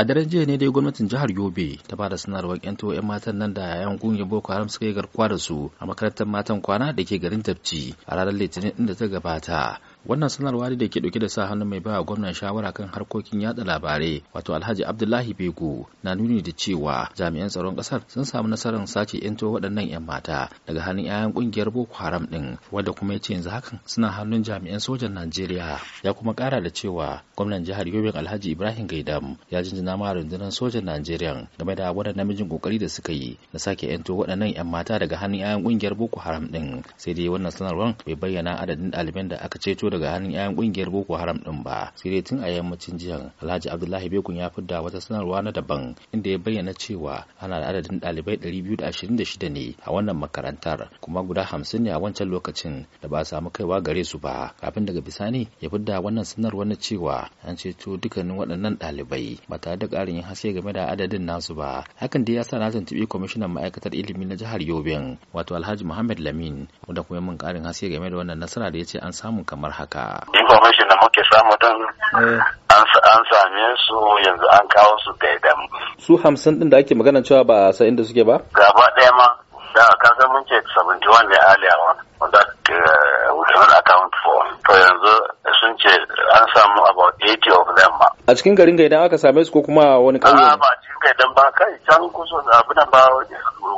a daren jiya ne dai gwamnatin jihar yobe ta ba da sanarwar tuwo yan matan nan da yayan ƙungiyar boko haram suka yi garkuwa da su a makarantar matan kwana da ke garin tafci a ranar litinin inda ta gabata wannan sanarwa da ke dauke da sa hannu mai bawa gwamnan shawara kan harkokin yada labarai wato alhaji abdullahi bego na nuni da cewa jami'an tsaron kasar sun samu nasarar sace yanto waɗannan 'yan mata daga hannun 'ya'yan kungiyar boko haram din wanda kuma ya ce yanzu hakan suna hannun jami'an sojan najeriya ya kuma kara da cewa gwamnan jihar yobin alhaji ibrahim gaidam ya jinjina ma rundunar sojan najeriya game da wannan namijin kokari da suka yi na sake yanto waɗannan 'yan mata daga hannun 'ya'yan kungiyar boko haram din sai dai wannan sanarwar bai bayyana adadin ɗaliban da aka ceto daga hannun 'ya'yan kungiyar boko haram din ba sai dai tun a yammacin jihar alhaji abdullahi bekun ya fidda wata sanarwa na daban inda ya bayyana cewa ana da adadin dalibai 226 ne a wannan makarantar kuma guda 50 ne a wancan lokacin da ba a samu kaiwa gare su ba kafin daga bisani ya fidda wannan sanarwa na cewa an ceto dukkanin waɗannan dalibai. ba tare da ƙarin haske game da adadin nasu ba hakan dai ya sa na tuntuɓi kwamishinan ma'aikatar ilimi na jihar yobin wato alhaji muhammad lamin wanda kuma mun ƙarin haske game da wannan nasara da ya ce an samu kamar haka haka information da muke samu don eh. an same su yanzu an kawo su gaidan su hamsin din da ake magana cewa ba san inda suke ba gaba ɗaya ma da ka san mun ce 71 ne earlier on that eh, we cannot account for to yanzu sun ce an samu about 80 of them ma a cikin garin gaidan aka same su ko kuma wani ƙauye ba cikin gaidan ba kai can kusa abu da ba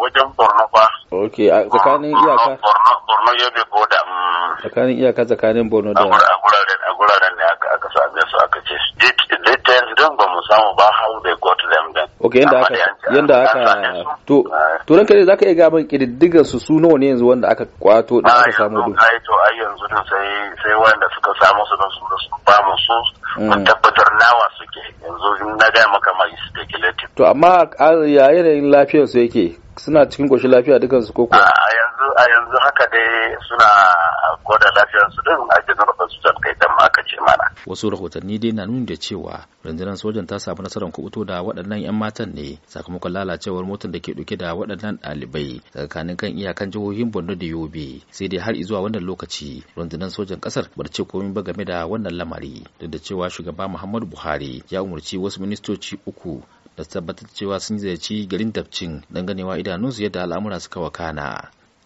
wajen borno ba ok tsakanin iyaka borno yobe boda tsakanin iyaka tsakanin borno da a guraren ne aka sa abin su aka ce details don ba mu samu ba how they got them then okay yanda aka yanda aka to to ranka ne zaka iya ga min kididdigar su su nawa ne yanzu wanda aka kwato da aka samu duk ai to ai yanzu din sai sai wanda suka samu su don su ba mu su mm. tabbatar nawa suke yanzu na ga maka mai speculative to amma ya yanayin lafiyar su yake suna cikin koshin lafiya dukansu ko ko yanzu a yanzu haka dai suna gwada lafiyarsu din a general hospital kai dan aka ce mana wasu rahotanni dai na nuna da cewa rundunar sojan ta samu nasarar kubuto da waɗannan 'yan matan ne sakamakon lalacewar motar da ke ɗauke da waɗannan ɗalibai tsakanin kan iyakan jihohin borno da yobe sai dai har zuwa wannan lokaci rundunar sojan kasar ba ce komai ba game da wannan lamari duk da cewa shugaba muhammadu buhari ya umarci wasu ministoci uku da tabbatar cewa sun ziyarci garin dabcin dan ganewa idanunsu yadda al'amura suka wakana